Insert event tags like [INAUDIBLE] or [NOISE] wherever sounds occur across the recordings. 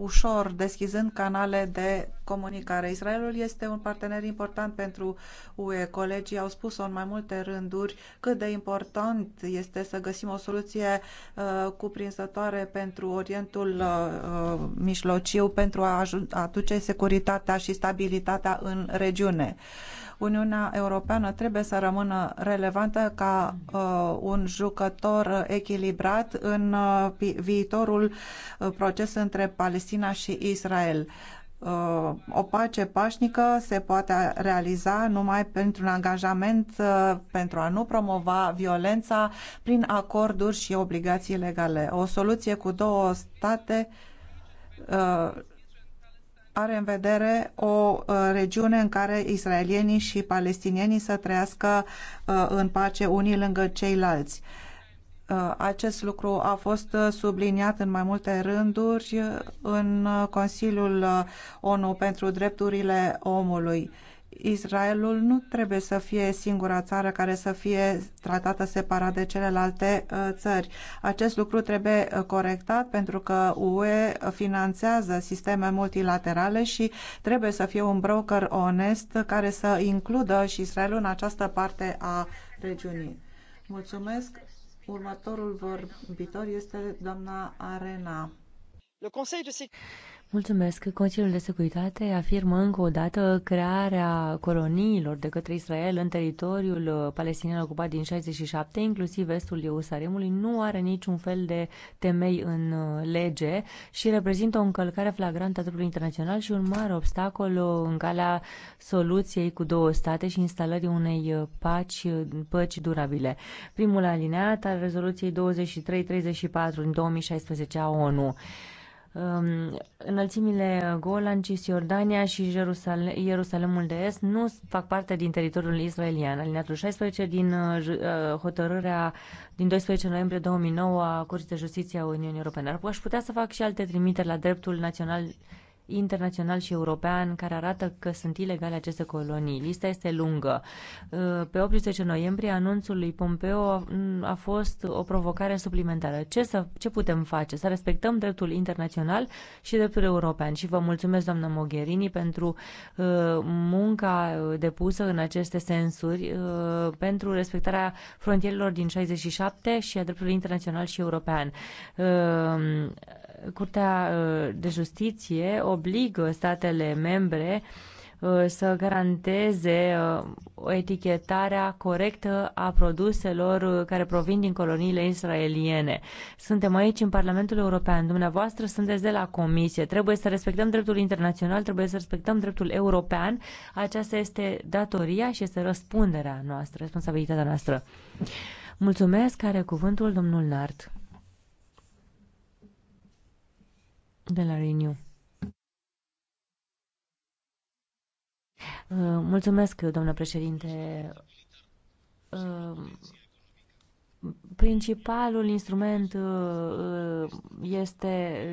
ușor, deschizând canale de comunicare. Israelul este un partener important pentru UE. Colegii au spus-o în mai multe rânduri cât de important este să găsim o soluție uh, cuprinzătoare pentru Orientul uh, uh, Mijlociu pentru a aduce securitatea și stabilitatea în regiune. Uh, Uniunea Europeană trebuie să rămână relevantă ca uh, un jucător echilibrat în uh, viitorul uh, proces între Palestina și Israel. Uh, o pace pașnică se poate realiza numai pentru un angajament uh, pentru a nu promova violența prin acorduri și obligații legale. O soluție cu două state uh, are în vedere o uh, regiune în care israelienii și palestinienii să trăiască uh, în pace unii lângă ceilalți. Uh, acest lucru a fost subliniat în mai multe rânduri în Consiliul ONU pentru Drepturile Omului Israelul nu trebuie să fie singura țară care să fie tratată separat de celelalte uh, țări. Acest lucru trebuie uh, corectat pentru că UE finanțează sisteme multilaterale și trebuie să fie un broker onest care să includă și Israelul în această parte a regiunii. Mulțumesc. Următorul vorbitor este doamna Arena. Mulțumesc. Consiliul de Securitate afirmă încă o dată crearea coloniilor de către Israel în teritoriul uh, palestinian ocupat din 67, inclusiv vestul Ierusalimului, nu are niciun fel de temei în uh, lege și reprezintă o încălcare flagrantă a dreptului internațional și un mare obstacol uh, în calea soluției cu două state și instalării unei paci, păci durabile. Primul alineat al rezoluției 2334 din 2016 a ONU Um, înălțimile Golan, Cisjordania și Jerusale- Ierusalemul de Est nu fac parte din teritoriul israelian. Alineatul 16 din uh, uh, hotărârea din 12 noiembrie 2009 a Curții de Justiție a Uniunii Europene. Ar putea să fac și alte trimiteri la dreptul național internațional și european care arată că sunt ilegale aceste colonii. Lista este lungă. Uh, pe 18 noiembrie, anunțul lui Pompeo a fost o provocare suplimentară. Ce, să, ce putem face? Să respectăm dreptul internațional și dreptul european. Și vă mulțumesc, doamna Mogherini, pentru uh, munca depusă în aceste sensuri, uh, pentru respectarea frontierelor din 67 și a dreptului internațional și european. Curtea uh, de Justiție obligă statele membre uh, să garanteze uh, o etichetarea corectă a produselor care provin din coloniile israeliene. Suntem aici în Parlamentul European, dumneavoastră sunteți de la Comisie, trebuie să respectăm dreptul internațional, trebuie să respectăm dreptul european, aceasta este datoria și este răspunderea noastră, responsabilitatea noastră. Mulțumesc, are cuvântul domnul Nart. de la Renew. Uh, mulțumesc, doamnă președinte. Uh, principalul instrument uh, este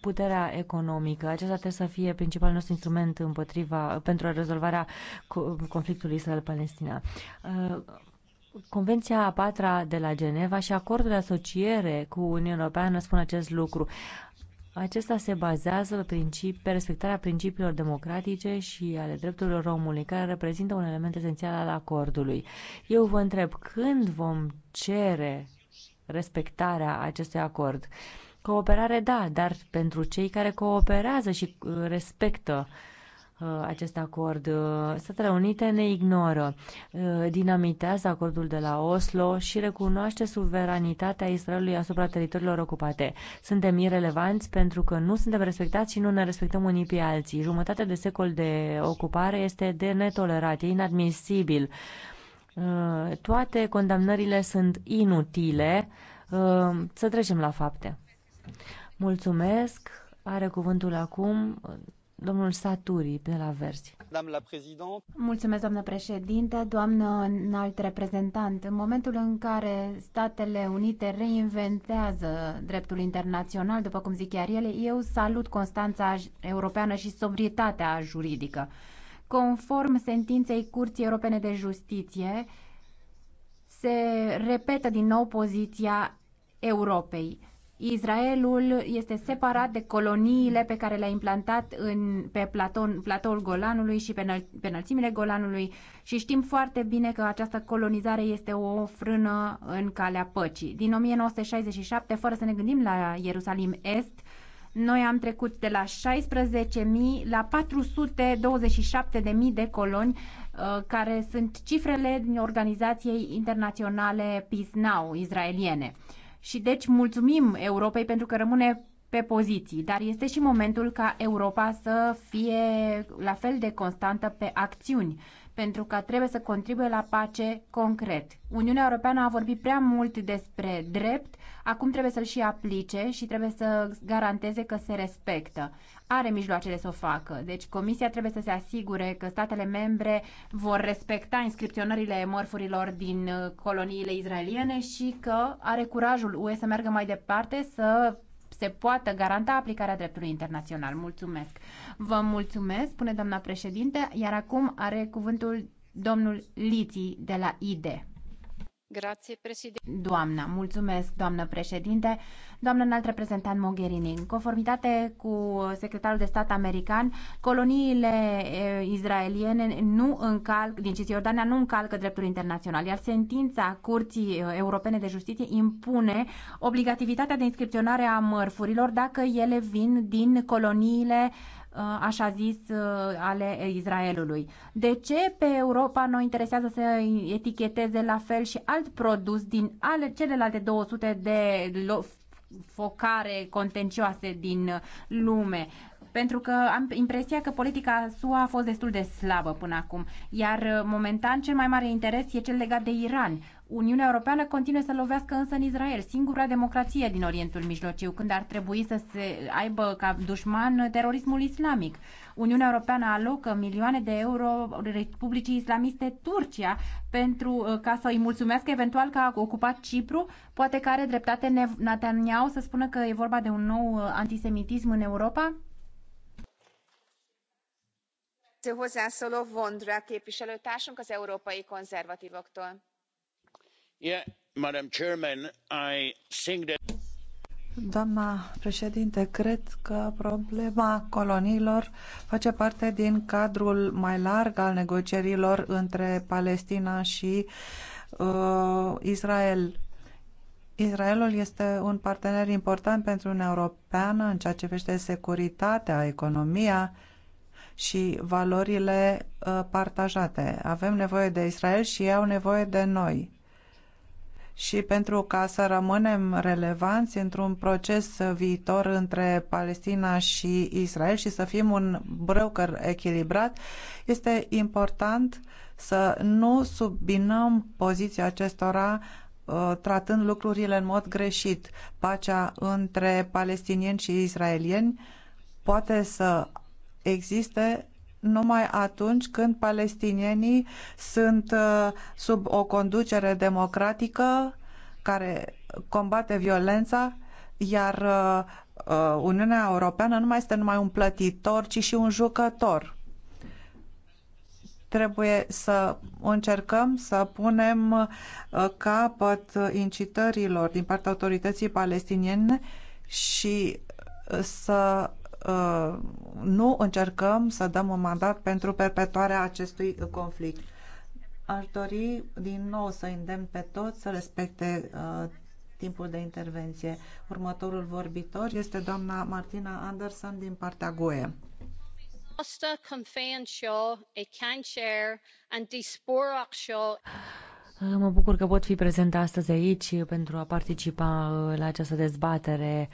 puterea economică. Acesta trebuie să fie principalul nostru instrument împotriva, pentru rezolvarea conflictului Israel-Palestina. Convenția a patra de la Geneva și acordul de asociere cu Uniunea Europeană spun acest lucru. Acesta se bazează pe, respectarea principiilor democratice și ale drepturilor omului, care reprezintă un element esențial al acordului. Eu vă întreb, când vom cere respectarea acestui acord? Cooperare, da, dar pentru cei care cooperează și uh, respectă uh, Uh, acest acord. Uh, Statele Unite ne ignoră, uh, dinamitează acordul de la Oslo și recunoaște suveranitatea Israelului asupra teritoriilor ocupate. Suntem irelevanți pentru că nu suntem respectați și nu ne respectăm unii pe alții. Jumătate de secol de ocupare este de netolerat, e inadmisibil. Toate condamnările sunt inutile. Să trecem la fapte. Mulțumesc. Are cuvântul acum domnul Saturi de la Verzi. Mulțumesc, doamnă președinte, doamnă înalt reprezentant. În momentul în care Statele Unite reinventează dreptul internațional, după cum zic chiar ele, eu salut Constanța Europeană și sobrietatea juridică. Conform sentinței Curții Europene de Justiție, se repetă din nou poziția Europei Israelul este separat de coloniile pe care le-a implantat în, pe platon, platoul Golanului și pe, înăl, pe înălțimile Golanului și știm foarte bine că această colonizare este o frână în calea păcii. Din 1967, fără să ne gândim la Ierusalim Est, noi am trecut de la 16.000 la 427.000 de coloni, uh, care sunt cifrele din organizației internaționale Peace Now, israeliene. Și deci mulțumim Europei pentru că rămâne pe poziții, dar este și momentul ca Europa să fie la fel de constantă pe acțiuni pentru că trebuie să contribuie la pace concret. Uniunea Europeană a vorbit prea mult despre drept, acum trebuie să-l și aplice și trebuie să garanteze că se respectă. Are mijloacele să o facă, deci Comisia trebuie să se asigure că statele membre vor respecta inscripționările mărfurilor din uh, coloniile izraeliene și că are curajul UE să meargă mai departe, să se poată garanta aplicarea dreptului internațional. Mulțumesc! Vă mulțumesc, spune doamna președinte, iar acum are cuvântul domnul Liții de la IDE. Doamna, mulțumesc, doamnă președinte. Doamnă înalt reprezentant Mogherini, în conformitate cu secretarul de stat american, coloniile izraeliene nu încalc, din Cisjordania nu încalcă dreptul internațional, iar sentința Curții Europene de Justiție impune obligativitatea de inscripționare a mărfurilor dacă ele vin din coloniile uh, Uh, așa zis, uh, ale Israelului. De ce pe Europa noi interesează să eticheteze la fel și alt produs din ale celelalte 200 de focare contencioase din lume pentru că am impresia că politica SUA a fost destul de slabă până acum, iar uh, momentan cel mai mare interes e cel legat de Iran. Uniunea Europeană continuă să lovească însă în Israel, singura democrație din Orientul Mijlociu, când ar trebui să se aibă ca dușman terorismul islamic. Uniunea Europeană alocă milioane de euro Republicii Islamiste Turcia pentru uh, ca să îi mulțumească eventual că a ocupat Cipru. Poate că are dreptate Netanyahu să spună că e vorba de un nou uh, antisemitism în Europa? doamnă președintă cred că problema coloniilor face parte din cadrul mai larg al negocierilor între palestina și uh, israel. Israelul este un partener important pentru Uniunea Europeană în ceea ce privește securitatea, economia, și valorile uh, partajate. Avem nevoie de Israel și ei au nevoie de noi. Și pentru ca să rămânem relevanți într-un proces viitor între Palestina și Israel și să fim un broker echilibrat, este important să nu subbinăm poziția acestora uh, tratând lucrurile în mod greșit. Pacea între palestinieni și israelieni poate să existe numai atunci când palestinienii sunt uh, sub o conducere democratică care combate violența, iar uh, uh, Uniunea Europeană nu mai este numai un plătitor, ci și un jucător. Trebuie să încercăm să punem capăt incitărilor din partea autorității palestiniene și să Uh, nu încercăm să dăm un mandat pentru perpetuarea acestui conflict. Aș dori din nou să îndemn pe toți să respecte uh, timpul de intervenție. Următorul vorbitor este doamna Martina Anderson din partea GUE. Mă bucur că pot fi prezent astăzi aici pentru a participa uh, la această dezbatere.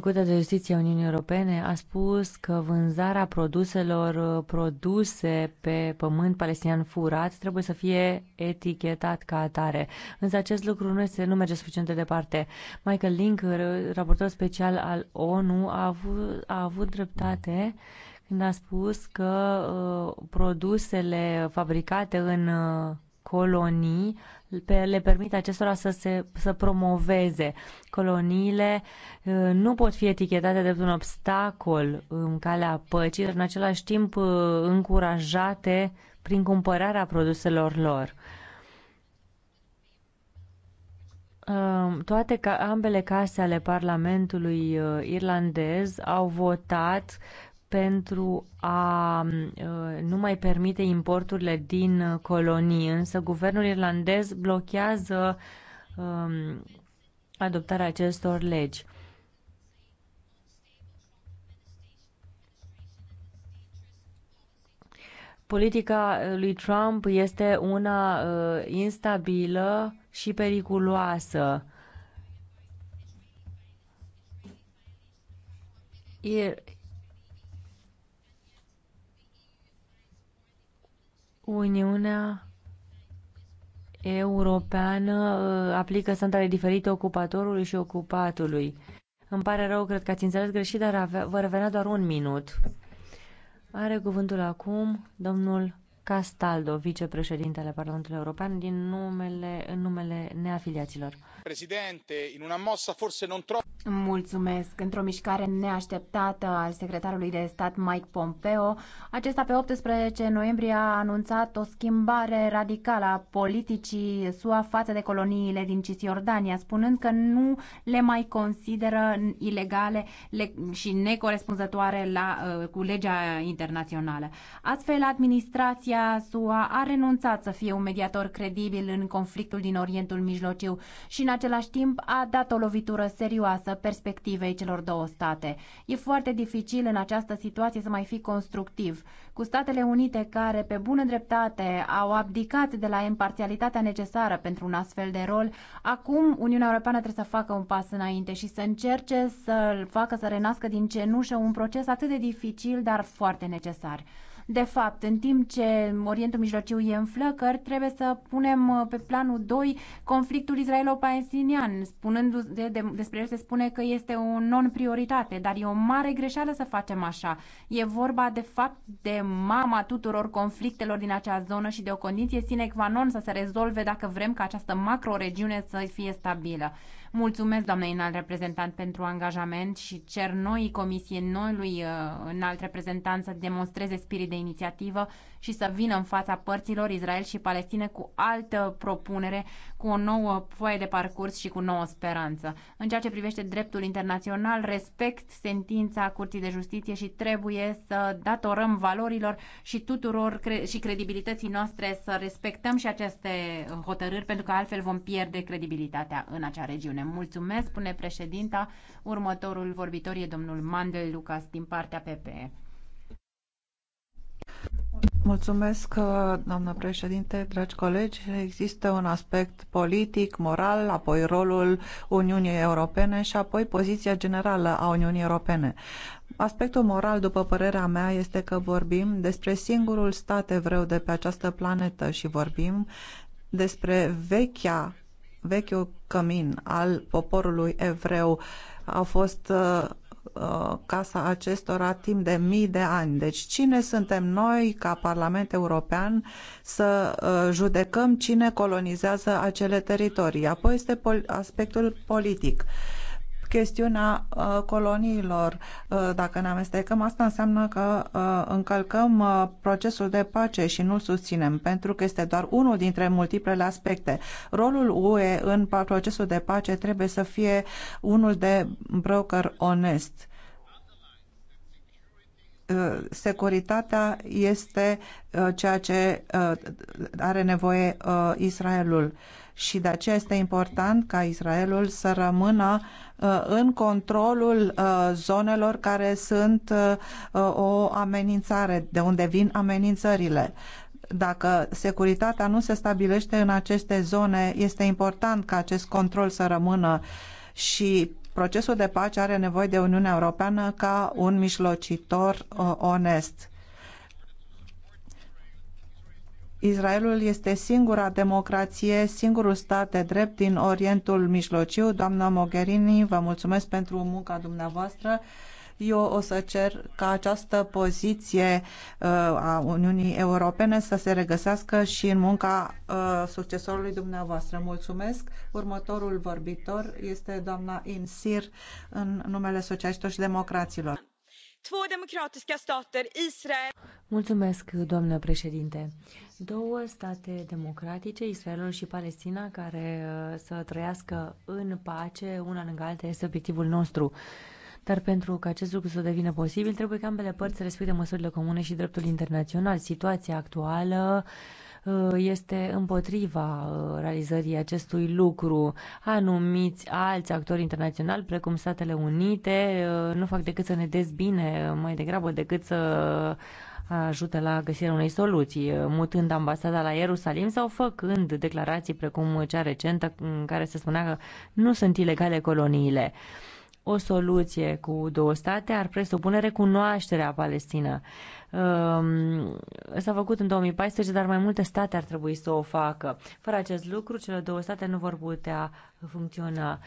Curtea de Justiție a Uniunii Europene a spus că vânzarea produselor uh, produse pe pământ palestinian furat trebuie să fie etichetat ca atare. Însă acest lucru nu, este, nu merge suficient de departe. Michael Link, raportor special al ONU, a avut, a avut dreptate când a spus că uh, produsele fabricate în uh, colonii le permit acestora să se să promoveze. Coloniile uh, nu pot fi etichetate de un obstacol în calea păcii, dar în același timp uh, încurajate prin cumpărarea produselor lor. Uh, toate ca, ambele case ale Parlamentului irlandez au votat pentru a uh, nu mai permite importurile din colonii, însă guvernul irlandez blochează um, adoptarea acestor legi. Politica lui Trump este una uh, instabilă și periculoasă. Ir- Uniunea Europeană uh, aplică standarde diferite ocupatorului și ocupatului. Îmi pare rău, cred că ați înțeles greșit, dar avea, vă revenea doar un minut. Are cuvântul acum domnul Castaldo, vicepreședintele Parlamentului European, din numele, în numele neafiliaților. Președinte, în una mossa forse non troppo... Mulțumesc. Într-o mișcare neașteptată al secretarului de stat Mike Pompeo, acesta pe 18 noiembrie a anunțat o schimbare radicală a politicii SUA față de coloniile din Cisjordania, spunând că nu le mai consideră ilegale și necorespunzătoare la, uh, cu legea internațională. Astfel, administrația aceea SUA a renunțat să fie un mediator credibil în conflictul din Orientul Mijlociu și în același timp a dat o lovitură serioasă perspectivei celor două state. E foarte dificil în această situație să mai fi constructiv. Cu Statele Unite care, pe bună dreptate, au abdicat de la imparțialitatea necesară pentru un astfel de rol, acum Uniunea Europeană trebuie să facă un pas înainte și să încerce să-l facă să renască din cenușă un proces atât de dificil, dar foarte necesar. De fapt, în timp ce Orientul Mijlociu e în flăcări, trebuie să punem uh, pe planul 2 conflictul israelo-palestinian, spunându de, de, despre el se spune că este o non-prioritate, dar e o mare greșeală să facem așa. E vorba de fapt de mama tuturor conflictelor din acea zonă și de o condiție sine qua non să se rezolve dacă vrem ca această macro-regiune să fie stabilă. Mulțumesc, doamne înalt reprezentant, pentru angajament și cer noi comisie, noi lui uh, înalt reprezentant să demonstreze spirit de inițiativă și să vină în fața părților Israel și Palestine cu altă propunere, cu o nouă foaie de parcurs și cu nouă speranță. În ceea ce privește dreptul internațional, respect sentința Curții de Justiție și trebuie să datorăm valorilor și tuturor cre- și credibilității noastre să respectăm și aceste hotărâri, pentru că altfel vom pierde credibilitatea în acea regiune. Mulțumesc, spune președinta. Următorul vorbitor e domnul Mandel Lucas din partea PPE. Mulțumesc, uh, doamnă președinte, dragi colegi. Există un aspect politic, moral, apoi rolul Uniunii Europene și apoi poziția generală a Uniunii Europene. Aspectul moral, după părerea mea, este că vorbim despre singurul stat evreu de pe această planetă și vorbim despre vechea, vechiul cămin al poporului evreu. Au fost uh, Uh, casa acestora timp de mii de ani. Deci cine suntem noi ca Parlament European să uh, judecăm cine colonizează acele teritorii? Apoi este pol aspectul politic. Uh, chestiunea uh, coloniilor. Uh, dacă ne amestecăm, asta înseamnă că uh, încălcăm procesul de pace și nu-l susținem, pentru că este doar unul dintre multiplele aspecte. Rolul UE în procesul de pace trebuie să fie unul de broker onest securitatea este ceea ce are nevoie Israelul și de aceea este important ca Israelul să rămână Uh, în controlul uh, zonelor care sunt uh, o amenințare, de unde vin amenințările dacă securitatea nu se stabilește în aceste zone, este important ca acest control să rămână și procesul de pace are nevoie de Uniunea Europeană ca un mijlocitor onest. Israelul este singura democrație, singurul stat de drept din Orientul Mijlociu. Doamna Mogherini, vă mulțumesc pentru munca dumneavoastră. Eu o să cer ca această poziție uh, a Uniunii Europene să se regăsească și în munca uh, succesorului dumneavoastră. Mulțumesc. Următorul vorbitor este doamna Insir în numele Socialiștilor și Democraților. Mulțumesc, doamnă președinte două state democratice, Israelul și Palestina, care uh, să trăiască în pace una lângă alta este obiectivul nostru. Dar pentru ca acest lucru să devină posibil, trebuie ca ambele părți să respecte măsurile comune și dreptul internațional. Situația actuală uh, este împotriva uh, realizării acestui lucru. Anumiți alți actori internaționali, precum Statele Unite, nu fac decât să ne dezbine mai degrabă decât să ajute la găsirea unei soluții, mutând ambasada la Ierusalim sau făcând declarații precum cea recentă în care se spunea că nu sunt ilegale coloniile. O soluție cu două state ar presupune recunoașterea Palestina. Um, s-a făcut în 2014, dar mai multe state ar trebui să o facă. Fără acest lucru, cele două state nu vor putea funcționa.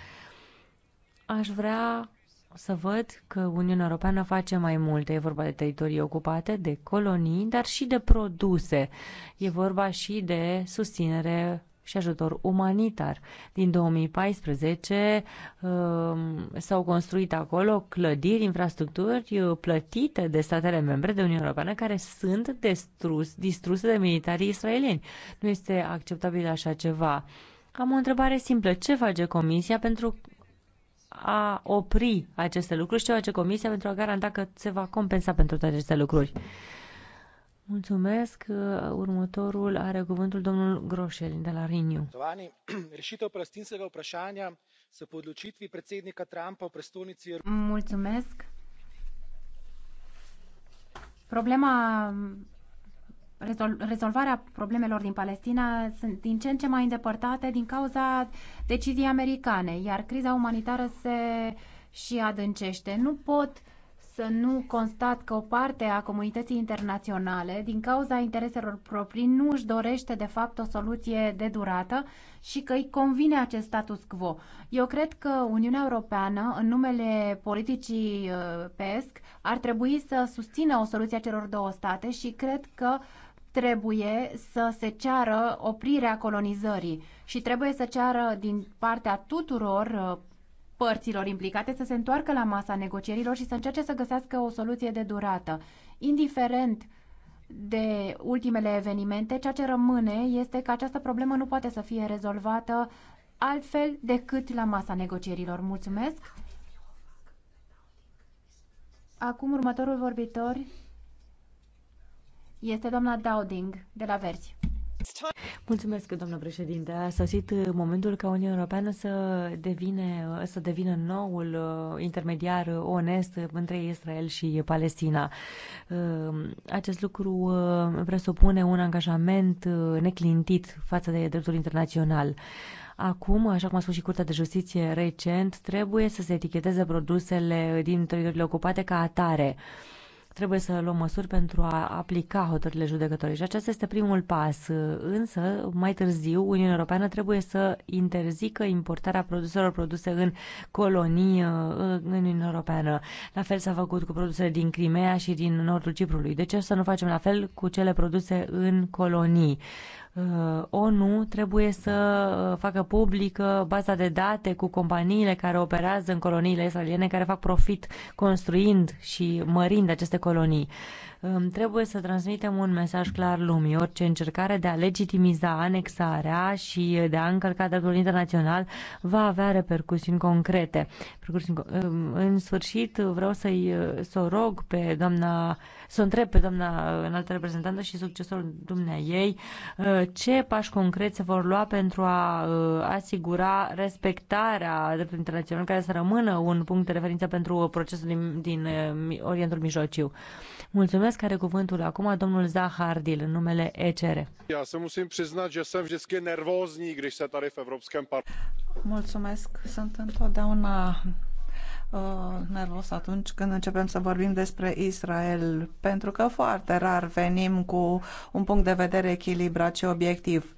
Aș vrea să văd că Uniunea Europeană face mai multe. E vorba de teritorii ocupate, de colonii, dar și de produse. E vorba și de susținere și ajutor umanitar. Din 2014 um, s-au construit acolo clădiri, infrastructuri uh, plătite de statele membre de Uniunea Europeană care sunt destrus, distruse de militarii israelieni. Nu este acceptabil așa ceva. Am o întrebare simplă. Ce face Comisia pentru a opri aceste lucruri și ce face Comisia pentru a garanta că se va compensa pentru toate aceste lucruri. Mulțumesc. Următorul are cuvântul domnul Groșel de la Riniu. [CLEARS THROAT] Mulțumesc. Problema rezol rezolvarea problemelor din Palestina sunt din ce în ce mai îndepărtate din cauza deciziei americane, iar criza umanitară se și adâncește. Nu pot să nu constat că o parte a comunității internaționale, din cauza intereselor proprii, nu își dorește de fapt o soluție de durată și că îi convine acest status quo. Eu cred că Uniunea Europeană, în numele politicii uh, PESC, ar trebui să susțină o soluție a celor două state și cred că uh, trebuie să se ceară oprirea colonizării și trebuie să ceară din partea tuturor uh, părților implicate să se întoarcă la masa negocierilor și să încerce să găsească o soluție de durată. Indiferent de ultimele evenimente, ceea ce rămâne este că această problemă nu poate să fie rezolvată altfel decât la masa negocierilor. Mulțumesc! Acum următorul vorbitor este doamna Dowding, de la Verzi. Mulțumesc, doamnă președinte. A sosit momentul ca Uniunea Europeană să, devine, să devină noul uh, intermediar onest între Israel și Palestina. Uh, acest lucru uh, presupune un angajament neclintit față de dreptul internațional. Acum, așa cum a spus și Curtea de Justiție recent, trebuie să se eticheteze produsele din teritoriile ocupate ca atare. Uh, Trebuie să luăm măsuri pentru a aplica hotările judecătorii și acesta este primul pas. Însă, mai târziu, Uniunea Europeană trebuie să interzică importarea produselor produse în colonii uh, în Uniunea Europeană. La fel s-a făcut cu produsele din Crimea și din nordul Ciprului. De deci, ce să nu facem la fel cu cele produse în colonii? Uh, ONU trebuie să uh, facă publică baza de date cu companiile care operează în coloniile israeliene, care fac profit construind și mărind aceste colonii. Trebuie să transmitem un mesaj clar lumii. Orice încercare de a legitimiza anexarea și de a încălca dreptul internațional va avea repercusiuni concrete. În sfârșit, vreau să-i să o rog pe doamna, să o întreb pe doamna înaltă reprezentantă și succesorul dumnea ei ce pași concrete se vor lua pentru a asigura respectarea dreptului internațional care să rămână un punct de referință pentru procesul din, din Orientul Mijlociu. Mulțumesc, care cuvântul acum domnul Zahardil, în numele ECR. Já se musim priznat, že jsem vždycky nervózní, když se tady v Evropském parlamentu. Mulțumesc, sunt întotdeauna uh, nervos atunci când începem să vorbim despre Israel, pentru că foarte rar venim cu un punct de vedere echilibrat și obiectiv.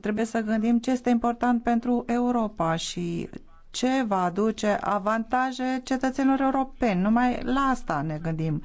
Trebuie să gândim ce este important pentru Europa și ce va aduce avantaje cetățenilor europeni. Numai la asta ne gândim.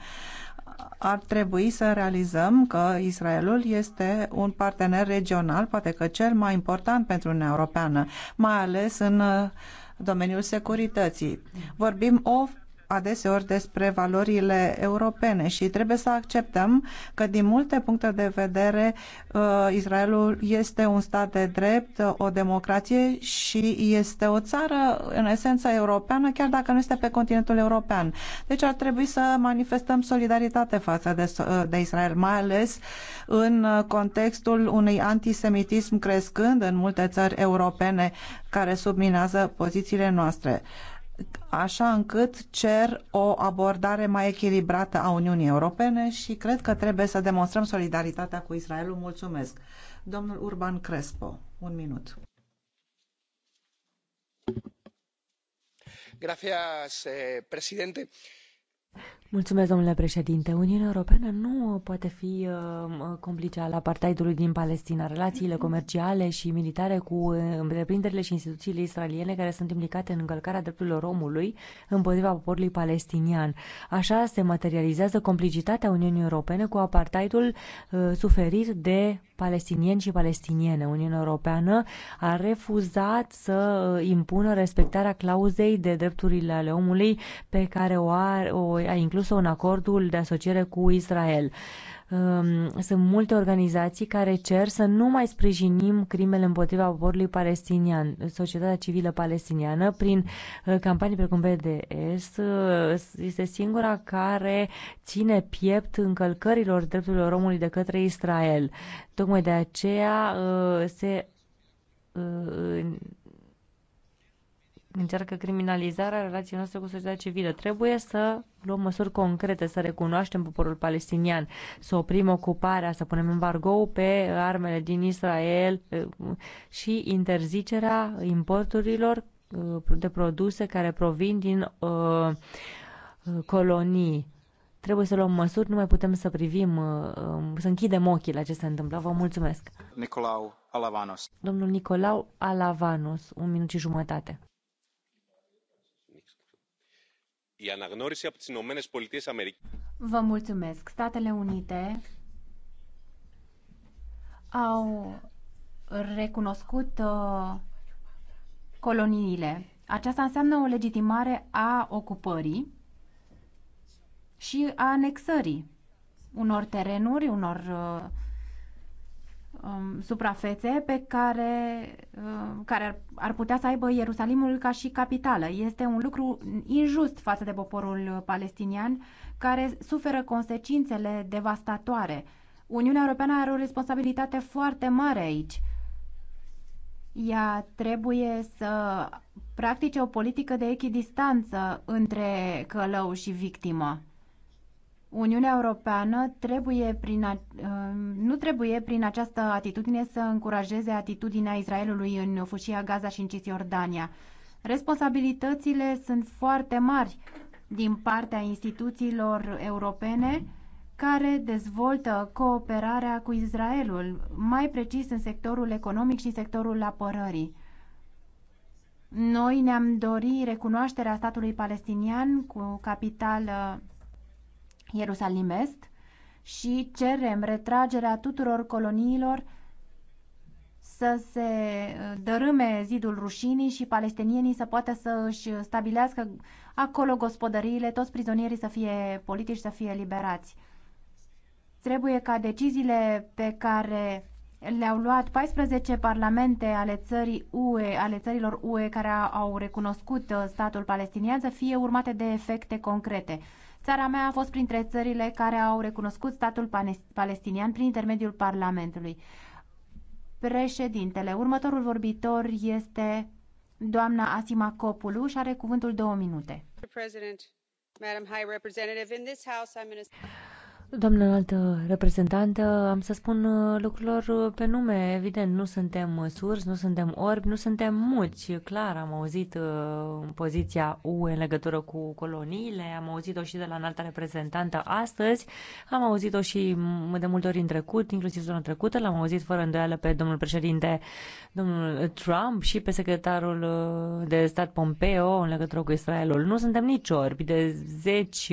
Ar trebui să realizăm că Israelul este un partener regional, poate că cel mai important pentru Uniunea Europeană, mai ales în uh, domeniul securității. Vorbim of adeseori despre valorile europene și trebuie să acceptăm că din multe puncte de vedere uh, Israelul este un stat de drept, o democrație și este o țară în esență europeană, chiar dacă nu este pe continentul european. Deci ar trebui să manifestăm solidaritate față de, uh, de Israel, mai ales în contextul unui antisemitism crescând în multe țări europene care subminează pozițiile noastre. Uh, așa încât cer o abordare mai echilibrată a Uniunii Europene și cred că trebuie să demonstrăm solidaritatea cu Israelul. Mulțumesc. Domnul Urban Crespo, un minut. Gracias, eh, presidente. Mulțumesc, domnule președinte. Uniunea Europeană nu poate fi uh, complice al apartheidului din Palestina. Relațiile comerciale și militare cu uh, întreprinderile și instituțiile israeliene care sunt implicate în încălcarea drepturilor omului împotriva poporului palestinian. Așa se materializează complicitatea Uniunii Europene cu apartheidul uh, suferit de palestinieni și palestiniene. Uniunea Europeană a refuzat să impună respectarea clauzei de drepturile ale omului pe care o, are, o a inclus inclusă în acordul de asociere cu Israel. Ehm, sunt multe organizații care cer să nu mai sprijinim crimele împotriva poporului palestinian. Societatea civilă palestiniană, prin eh, campanii precum BDS, eh, este singura care ține piept încălcărilor drepturilor omului de către Israel. Tocmai de aceea eh, se încearcă criminalizarea relației noastre cu societatea civilă. Trebuie să luăm măsuri concrete, să recunoaștem poporul palestinian, să oprim ocuparea, să punem embargo pe armele din Israel eh, și interzicerea importurilor eh, de produse care provin din uh, colonii. Trebuie să luăm măsuri, nu mai putem să privim, să închidem ochii la ce se întâmplă. Vă mulțumesc. Nicolau Alavanos. Domnul Nicolau Alavanos, un minut și jumătate. Vă mulțumesc. Statele Unite au recunoscut uh, coloniile. Aceasta înseamnă o legitimare a ocupării și a anexării unor terenuri, unor uh, um, suprafețe pe care, um, care ar putea să aibă Ierusalimul ca și capitală. Este un lucru injust față de poporul palestinian care suferă consecințele devastatoare. Uniunea Europeană are o responsabilitate foarte mare aici. Ea trebuie să practice o politică de echidistanță între călău și victimă. Uniunea Europeană trebuie prin, uh, nu trebuie prin această atitudine să încurajeze atitudinea Israelului în fâșia Gaza și în Cisjordania. Responsabilitățile sunt foarte mari din partea instituțiilor europene care dezvoltă cooperarea cu Israelul, mai precis în sectorul economic și în sectorul apărării. Noi ne-am dorit recunoașterea statului palestinian cu capitală Ierusalim Est și cerem retragerea tuturor coloniilor să se uh, dărâme zidul rușinii și palestinienii să poată să își stabilească acolo gospodăriile, toți prizonierii să fie politici, să fie liberați. Trebuie ca deciziile pe care le-au luat 14 parlamente ale țării UE, ale țărilor UE care au recunoscut uh, statul palestinian să fie urmate de efecte concrete. Țara mea a fost printre țările care au recunoscut statul palestinian prin intermediul Parlamentului. Președintele, următorul vorbitor este doamna Asima Copulu și are cuvântul două minute. Madam High Representative, in this house I'm Doamnă înaltă reprezentantă, am să spun uh, lucrurilor uh, pe nume. Evident, nu suntem uh, surzi, nu suntem orbi, nu suntem muți. Clar, am auzit poziția UE în legătură cu coloniile, am auzit-o și de la înaltă reprezentantă astăzi, am auzit-o și de multe ori în trecut, inclusiv zona trecută, l-am auzit fără îndoială pe domnul președinte, domnul Trump și pe secretarul de stat Pompeo în legătură cu Israelul. Nu suntem nici orbi. De zeci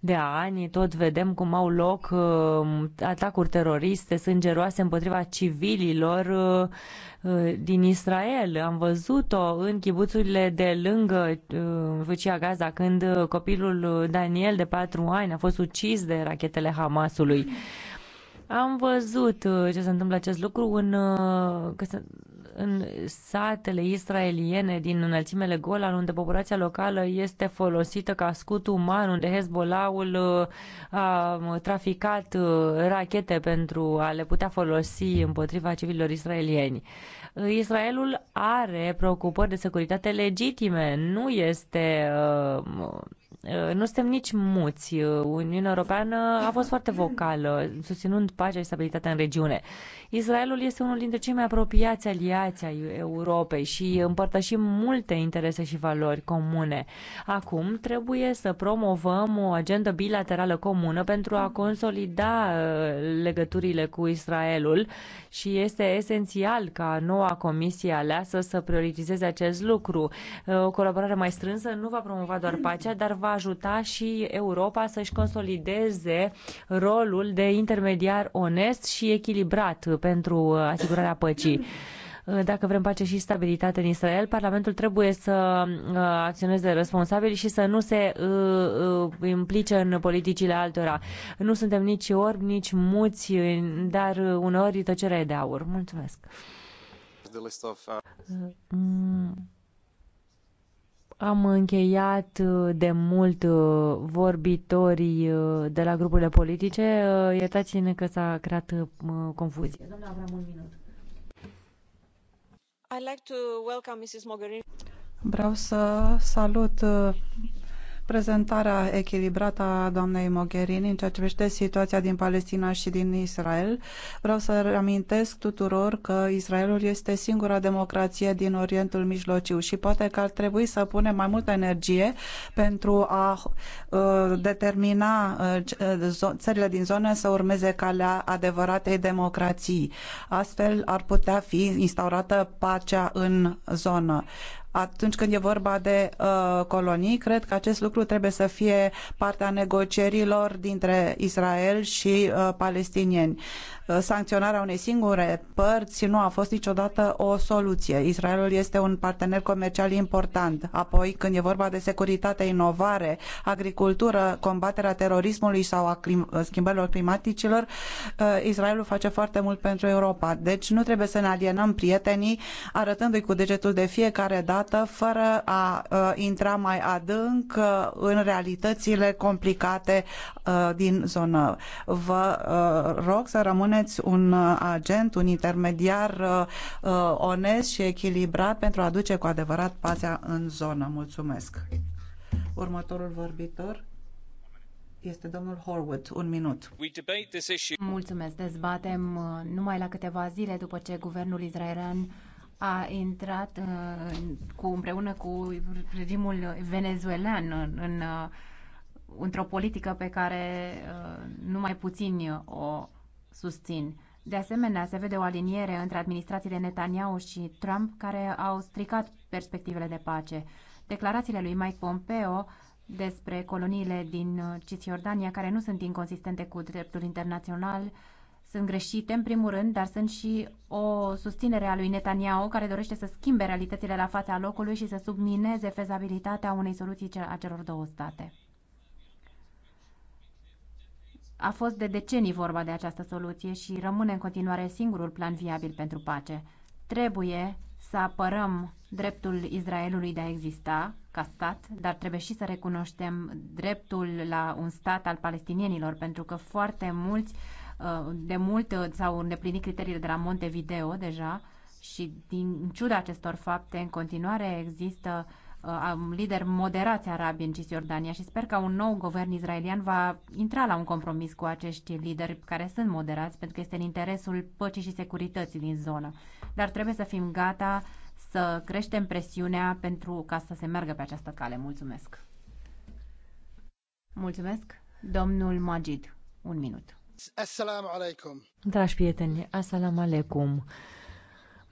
de ani tot vedem cum au loc uh, atacuri teroriste sângeroase împotriva civililor uh, uh, din Israel. Am văzut-o în chibuțurile de lângă Vâcia Gaza când copilul Daniel de patru ani a fost ucis de rachetele Hamasului. Am văzut ce se întâmplă acest lucru în, în satele israeliene din înălțimele Golan, unde populația locală este folosită ca scut uman, unde Hezbollahul uh, a um, traficat uh, rachete pentru a le putea folosi împotriva civililor israelieni. Israelul are preocupări de securitate legitime, nu este uh, Uh, nu suntem nici muți. Uh, Uniunea Europeană a fost foarte vocală, susținând pacea și stabilitatea în regiune. Israelul este unul dintre cei mai apropiați aliați ai Europei și împărtășim multe interese și valori comune. Acum trebuie să promovăm o agendă bilaterală comună pentru a consolida uh, legăturile cu Israelul și este esențial ca noua comisie aleasă să prioritizeze acest lucru. O colaborare mai strânsă nu va promova doar pacea, dar va ajuta și Europa să-și consolideze rolul de intermediar onest și echilibrat pentru asigurarea păcii dacă vrem pace și stabilitate în Israel, Parlamentul trebuie să uh, acționeze responsabil și să nu se uh, uh, implice în politicile altora. Nu suntem nici orbi, nici muți, dar uneori tăcerea e de aur. Mulțumesc! Mm. Am încheiat uh, de mult uh, vorbitorii uh, de la grupurile politice. Iertați-ne că s-a creat confuzie. Doamna Avram, un minut. I'd like to welcome Mrs. Mogherini. Vreau să salut prezentarea echilibrată a doamnei Mogherini în ceea ce privește situația din Palestina și din Israel. Vreau să reamintesc tuturor că Israelul este singura democrație din Orientul Mijlociu și poate că ar trebui să punem mai multă energie pentru a uh, determina uh, țările din zonă să urmeze calea adevăratei democrații. Astfel ar putea fi instaurată pacea în zonă atunci când e vorba de uh, colonii. Cred că acest lucru trebuie să fie partea negocierilor dintre Israel și uh, palestinieni sancționarea unei singure părți nu a fost niciodată o soluție. Israelul este un partener comercial important. Apoi, când e vorba de securitate, inovare, agricultură, combaterea terorismului sau a schimbărilor climaticilor, uh, Israelul face foarte mult pentru Europa. Deci nu trebuie să ne alienăm prietenii arătându-i cu degetul de fiecare dată fără a uh, intra mai adânc uh, în realitățile complicate din zonă. Vă rog să rămâneți propuneți un uh, agent, un intermediar uh, uh, onest și echilibrat pentru a duce cu adevărat pacea în zonă. Mulțumesc. Următorul vorbitor este domnul Horwood. Un minut. Mulțumesc. Dezbatem numai la câteva zile după ce guvernul israelian a intrat cu, împreună cu regimul venezuelan în, în într-o politică pe care uh, numai puțini o susțin. De asemenea, se vede o aliniere între administrațiile Netanyahu și Trump, care au stricat perspectivele de pace. Declarațiile lui Mike Pompeo despre coloniile din uh, Cisjordania, care nu sunt inconsistente cu dreptul internațional, sunt greșite, în primul rând, dar sunt și o susținere a lui Netanyahu, care dorește să schimbe realitățile la fața locului și să submineze fezabilitatea unei soluții a celor două state. A fost de decenii vorba de această soluție și rămâne în continuare singurul plan viabil pentru pace. Trebuie să apărăm dreptul Israelului de a exista ca stat, dar trebuie și să recunoaștem dreptul la un stat al palestinienilor, pentru că foarte mulți uh, de mult uh, s-au îndeplinit criteriile de la Montevideo deja și din ciuda acestor fapte în continuare există uh, Uh, lideri moderați arabi în Cisjordania și sper că un nou guvern israelian va intra la un compromis cu acești lideri care sunt moderați pentru că este în interesul păcii și securității din zonă. Dar trebuie să fim gata să creștem presiunea pentru ca să se meargă pe această cale. Mulțumesc! Mulțumesc! Domnul Majid. un minut. Assalamu alaikum! Dragi prieteni, assalamu alaikum!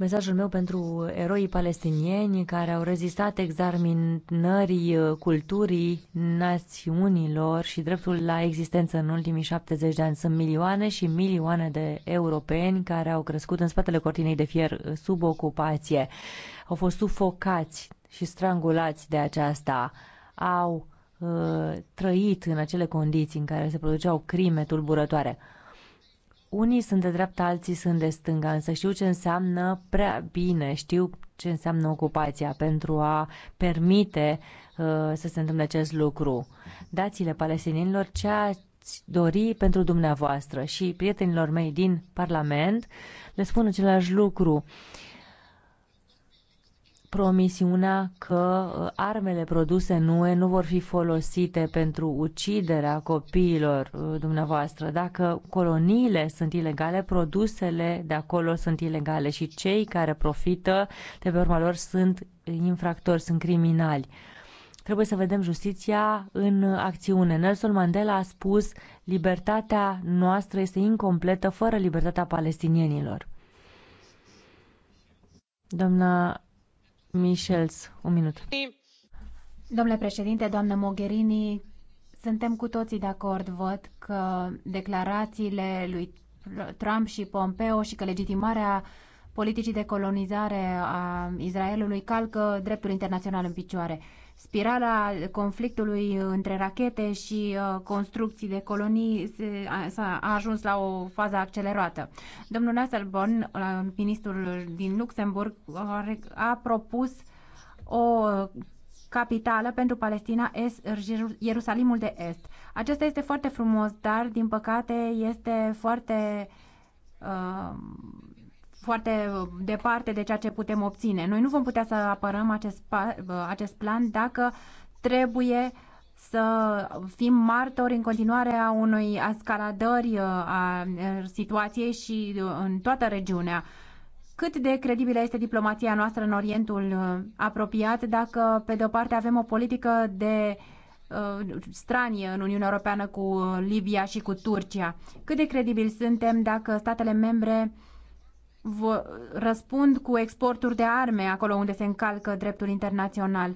Mesajul meu pentru eroii palestinieni care au rezistat examinării uh, culturii națiunilor și dreptul la existență în ultimii 70 de ani. Sunt milioane și milioane de europeni care au crescut în spatele cortinei de fier uh, sub ocupație. Au fost sufocați și strangulați de aceasta. Au uh, trăit în acele condiții în care se produceau crime tulburătoare. Unii sunt de dreapta, alții sunt de stânga, însă știu ce înseamnă prea bine, știu ce înseamnă ocupația pentru a permite uh, să se întâmple acest lucru. Dați-le palestinienilor ce ați dori pentru dumneavoastră și prietenilor mei din Parlament le spun același lucru. Uh, promisiunea că uh, armele produse în UE nu vor fi folosite pentru uciderea copiilor uh, dumneavoastră. Dacă coloniile sunt ilegale, produsele de acolo sunt ilegale și cei care profită de pe urma lor sunt infractori, sunt criminali. Trebuie să vedem justiția în acțiune. Nelson Mandela a spus, libertatea noastră este incompletă fără libertatea palestinienilor. Doamna Michels, un minut. Domnule președinte, doamnă Mogherini, suntem cu toții de acord, văd că declarațiile lui Trump și Pompeo și că legitimarea politicii de colonizare a Israelului calcă dreptul internațional în picioare. Spirala conflictului între rachete și uh, construcții de colonii a, a ajuns la o fază accelerată. Domnul Nasselborn, uh, ministrul din Luxemburg, a propus o capitală pentru Palestina Est, Ierusalimul de Est. Acesta este foarte frumos, dar din păcate este foarte uh, foarte uh, departe de ceea ce putem obține. Noi nu vom putea să apărăm acest, uh, acest plan dacă trebuie să fim martori în continuare a unei escaladări uh, a situației și în toată regiunea. Cât de credibilă este diplomația noastră în Orientul apropiat dacă, pe de o parte, avem o politică de stranie în Uniunea Europeană cu Libia și cu Turcia. Cât de credibil suntem dacă statele membre vă răspund cu exporturi de arme acolo unde se încalcă dreptul internațional.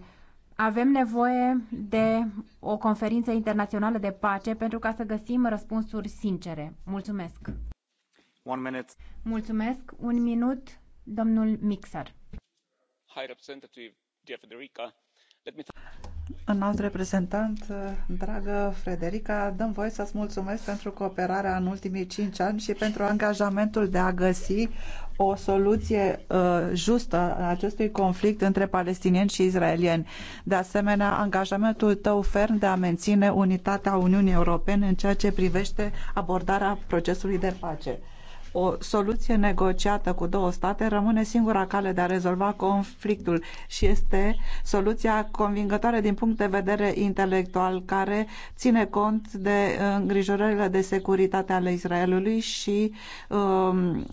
Avem nevoie de o conferință internațională de pace pentru ca să găsim răspunsuri sincere. Mulțumesc! One minute. Mulțumesc! Un minut, domnul Mixer. High representative, dear Federica, let me Înalt reprezentant, dragă Frederica, dăm voie să-ți mulțumesc pentru cooperarea în ultimii cinci ani și pentru angajamentul de a găsi o soluție uh, justă a acestui conflict între palestinieni și israelieni. De asemenea, angajamentul tău ferm de a menține unitatea Uniunii Europene în ceea ce privește abordarea procesului de pace. O soluție negociată cu două state rămâne singura cale de a rezolva conflictul și este soluția convingătoare din punct de vedere intelectual care ține cont de îngrijorările de securitate ale Israelului și um,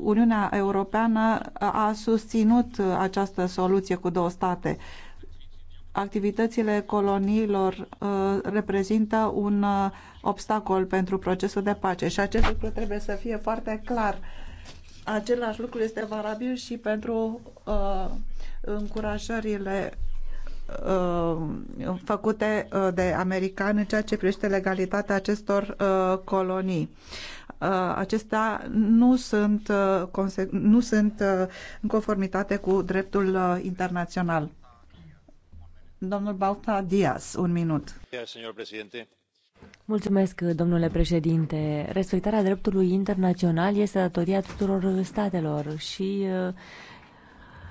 Uniunea Europeană a susținut această soluție cu două state activitățile coloniilor uh, reprezintă un uh, obstacol pentru procesul de pace și acest lucru trebuie să fie foarte clar. Același lucru este valabil și pentru uh, încurajările uh, făcute uh, de americani în ceea ce privește legalitatea acestor uh, colonii. Acestea nu sunt, nu sunt în conformitate cu dreptul internațional. Domnul Bauta Diaz, un minut. Mulțumesc, domnule președinte. Respectarea dreptului internațional este datoria tuturor statelor și uh,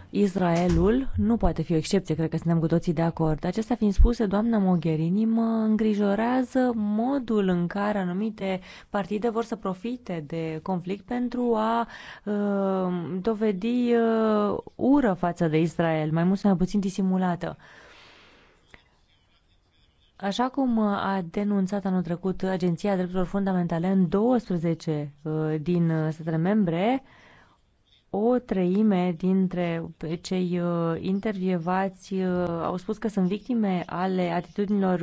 Israelul nu poate fi o excepție, cred că suntem cu toții de acord. Acestea fiind spuse, doamna Mogherini mă îngrijorează modul în care anumite partide vor să profite de conflict pentru a uh, dovedi uh, ură față de Israel, mai mult sau mai puțin disimulată. Uh, Așa cum a denunțat anul trecut Agenția Drepturilor Fundamentale în 12 uh, din uh, statele membre, o treime dintre cei uh, intervievați au spus că sunt victime ale atitudinilor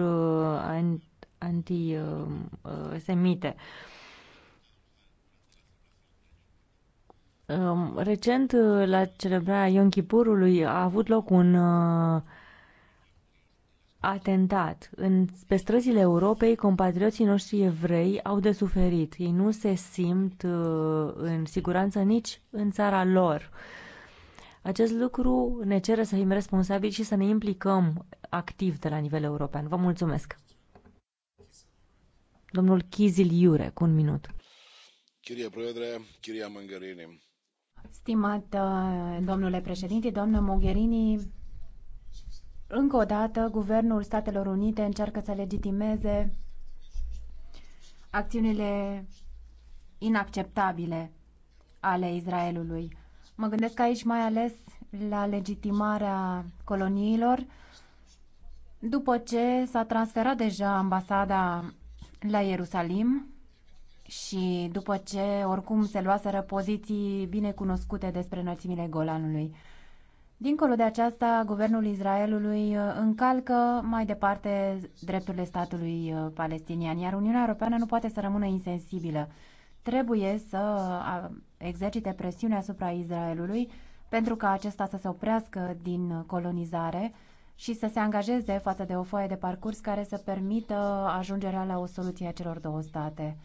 antisemite. Um, recent, la celebrarea Yom Kippurului, a avut loc un uh, atentat. În, pe străzile Europei, compatrioții noștri evrei au de suferit. Ei nu se simt uh, în siguranță nici în țara lor. Acest lucru ne cere să fim responsabili și să ne implicăm activ de la nivel european. Vă mulțumesc! Domnul Chizil cu un minut. Chiria Prădre, Chiria Mângărini. Stimat uh, domnule președinte, domnul Mogherini, încă o dată, Guvernul Statelor Unite încearcă să legitimeze acțiunile inacceptabile ale Israelului. Mă gândesc aici mai ales la legitimarea coloniilor, după ce s-a transferat deja ambasada la Ierusalim și după ce oricum se luaseră poziții bine cunoscute despre înălțimile Golanului. Dincolo de aceasta, guvernul Israelului uh, încalcă mai departe drepturile statului uh, palestinian, iar Uniunea Europeană nu poate să rămână insensibilă. Trebuie să uh, exercite presiune asupra Israelului pentru ca acesta să se oprească din colonizare și să se angajeze față de o foaie de parcurs care să permită ajungerea la o soluție a celor două state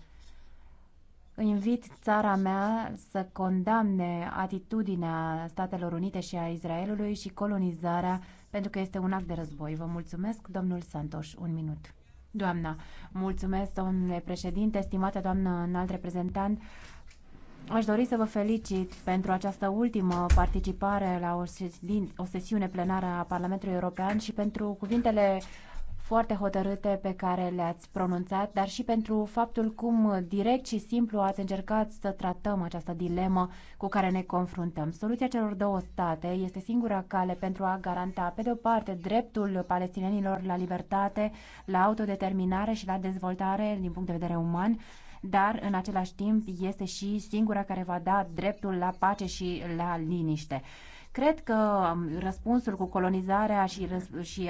invit țara mea să condamne atitudinea Statelor Unite și a Israelului și colonizarea, pentru că este un act de război. Vă mulțumesc, domnul Santos. Un minut. Doamna, mulțumesc, domnule președinte, stimată doamnă înalt reprezentant. Aș dori să vă felicit pentru această ultimă participare la o, sesiune plenară a Parlamentului European și pentru cuvintele foarte hotărâte pe care le-ați pronunțat, dar și pentru faptul cum direct și simplu ați încercat să tratăm această dilemă cu care ne confruntăm. Soluția celor două state este singura cale pentru a garanta, pe de o parte, dreptul palestinienilor la libertate, la autodeterminare și la dezvoltare din punct de vedere uman, dar în același timp este și singura care va da dreptul la pace și la liniște. Cred că răspunsul cu colonizarea și, și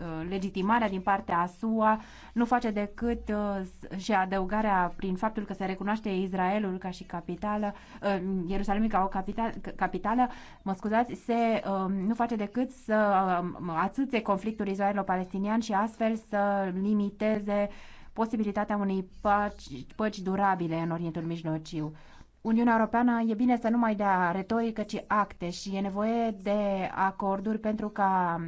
Uh, legitimarea din partea SUA nu face decât uh, și adăugarea prin faptul că se recunoaște Israelul ca și capitală, uh, Ierusalimul ca o capitală, capitală, mă scuzați, se, um, nu face decât să um, atâțe conflictul israelo-palestinian și astfel să limiteze posibilitatea unei păci, păci durabile în Orientul Mijlociu. Uniunea Europeană e bine să nu mai dea retorică, ci acte și e nevoie de acorduri pentru ca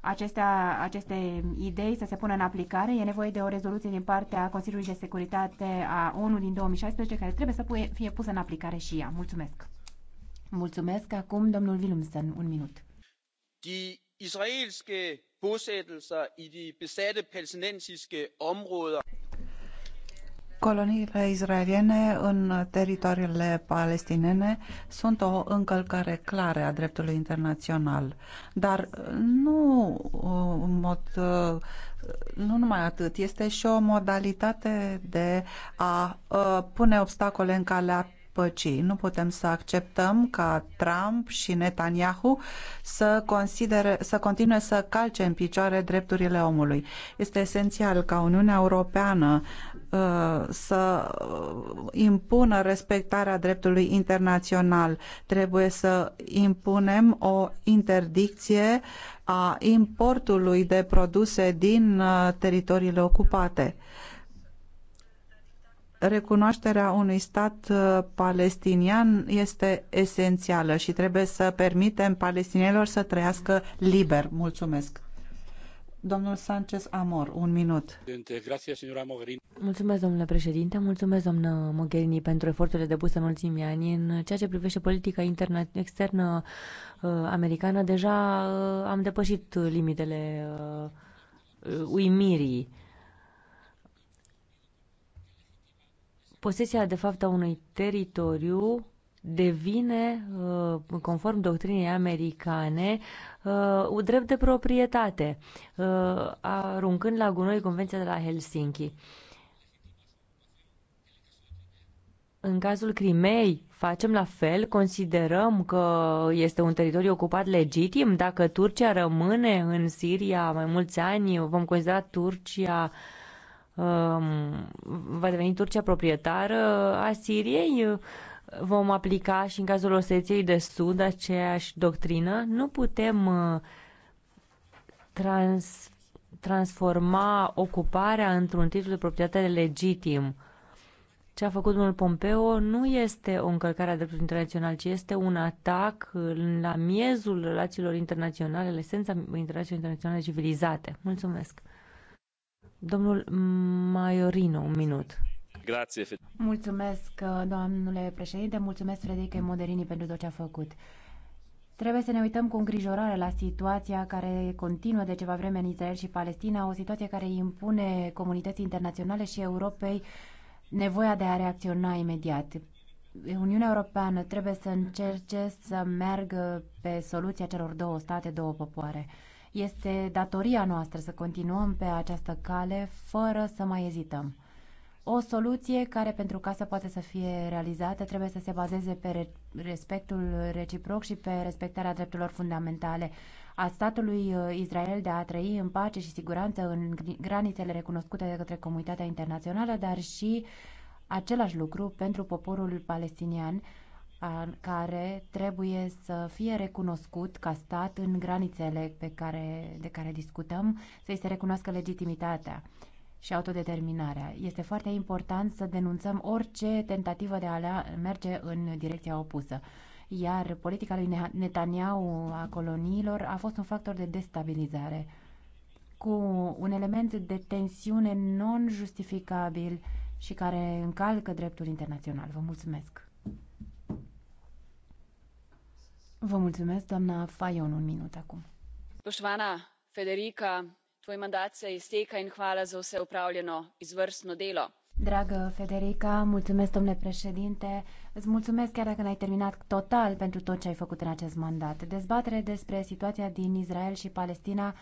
acestea, aceste idei să se pună în aplicare. E nevoie de o rezoluție din partea Consiliului de Securitate a ONU din 2016 care trebuie să fie pusă în aplicare și ea. Mulțumesc! Mulțumesc. Acum domnul Willumsen, un minut. De israelske bosættelser i de besatte palæstinensiske områder Coloniile israeliene în teritoriile palestinene sunt o încălcare clară a dreptului internațional, dar nu uh, în mod uh, nu numai atât, este și o modalitate de a uh, pune obstacole în calea păcii. Nu putem să acceptăm ca Trump și Netanyahu să, considere, să continue să calce în picioare drepturile omului. Este esențial ca Uniunea Europeană Uh, să impună respectarea dreptului internațional. Trebuie să impunem o interdicție a importului de produse din uh, teritoriile ocupate. Recunoașterea unui stat uh, palestinian este esențială și trebuie să permitem palestinienilor să trăiască liber. Mulțumesc! Domnul Sanchez Amor, un minut. Mulțumesc, domnule președinte, mulțumesc, doamnă Mogherini, pentru eforturile depuse în ultimii ani. În ceea ce privește politica interna- externă uh, americană, deja uh, am depășit limitele uh, uimirii. Posesia, de fapt, a unui teritoriu devine, uh, conform doctrinei americane, uh, drept de proprietate, uh, aruncând la gunoi Convenția de la Helsinki. În cazul Crimei, facem la fel? Considerăm că este un teritoriu ocupat legitim? Dacă Turcia rămâne în Siria mai mulți ani, vom considera Turcia um, va deveni Turcia proprietară a Siriei? vom aplica și în cazul Oseției de Sud aceeași doctrină. Nu putem uh, trans, transforma ocuparea într-un titlu de proprietate legitim. Ce a făcut domnul Pompeo nu este o încălcare a dreptului internațional, ci este un atac la miezul relațiilor internaționale, la esența relațiilor internaționale civilizate. Mulțumesc. Domnul Maiorino, un minut. Mulțumesc, uh, domnule președinte, mulțumesc Frederica Moderini pentru tot ce a făcut. Trebuie să ne uităm cu îngrijorare la situația care continuă de ceva vreme în Israel și Palestina, o situație care impune comunității internaționale și Europei nevoia de a reacționa imediat. Uniunea Europeană trebuie să încerce să meargă pe soluția celor două state, două popoare. Este datoria noastră să continuăm pe această cale fără să mai ezităm o soluție care, pentru ca să poată să fie realizată, trebuie să se bazeze pe respectul reciproc și pe respectarea drepturilor fundamentale a statului uh, Israel de a trăi în pace și siguranță în granițele recunoscute de către comunitatea internațională, dar și același lucru pentru poporul palestinian care trebuie să fie recunoscut ca stat în granițele pe care, de care discutăm, să-i se recunoască legitimitatea și autodeterminarea. Este foarte important să denunțăm orice tentativă de a merge în direcția opusă. Iar politica lui Netanyahu a coloniilor a fost un factor de destabilizare, cu un element de tensiune non-justificabil și care încalcă dreptul internațional. Vă mulțumesc! Vă mulțumesc, doamna Fayon, un minut acum. Poștoana Federica tvoj mandat se izteka in hvala za vse opravljeno izvrstno delo. Dragă Federica, mulțumesc, domnule președinte. Îți mulțumesc chiar dacă n-ai terminat total pentru tot ce ai făcut în acest mandat. Dezbatere despre situația din Israel și Palestina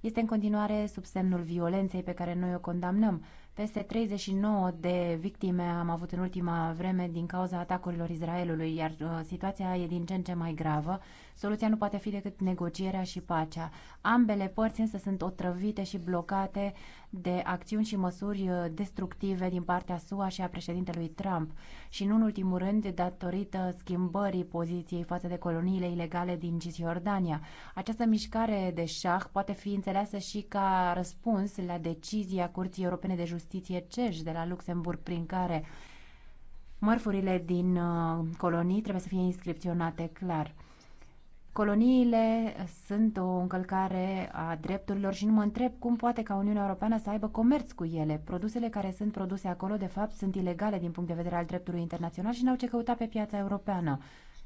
este în continuare sub semnul violenței pe care noi o condamnăm. Peste 39 de victime am avut în ultima vreme din cauza atacurilor Israelului, iar uh, situația e din ce în ce mai gravă. Soluția nu poate fi decât negocierea și pacea. Ambele părți însă sunt otrăvite și blocate de acțiuni și măsuri uh, destructive din partea SUA și a președintelui Trump și, nu în ultimul rând, datorită schimbării poziției față de coloniile ilegale din Cisjordania. Această mișcare de șah poate fi înțeleasă și ca răspuns la decizia Curții Europene de Justiție CEJ de la Luxemburg, prin care mărfurile din uh, colonii trebuie să fie inscripționate clar. Coloniile sunt o încălcare a drepturilor și nu mă întreb cum poate ca Uniunea Europeană să aibă comerț cu ele. Produsele care sunt produse acolo, de fapt, sunt ilegale din punct de vedere al dreptului internațional și n-au ce căuta pe piața europeană.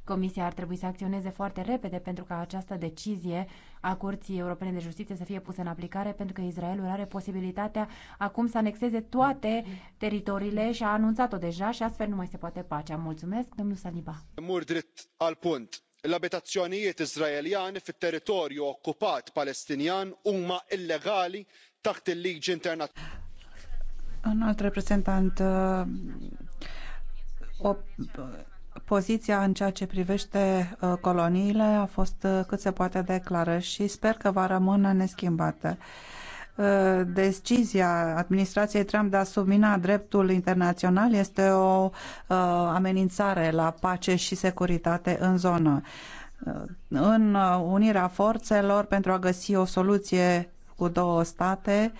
Comisia ar trebui să acționeze foarte repede pentru ca această decizie a Curții Europene de Justiție să fie pusă în aplicare, pentru că Israelul are posibilitatea acum să anexeze toate teritoriile și a anunțat-o deja și astfel nu mai se poate pacea. Mulțumesc, domnul Saliba. Murdrit al punt l-abitazzjonijiet iżraeljani fit territorju okkupat palestinjan huma illegali taħt il-liġi uh, poziția în ceea ce privește uh, coloniile a fost uh, cât se poate de clară și sper că va rămâne neschimbată. Uh, decizia administrației Trump de a submina dreptul internațional este o uh, amenințare la pace și securitate în zonă. Uh, în unirea forțelor pentru a găsi o soluție cu două state,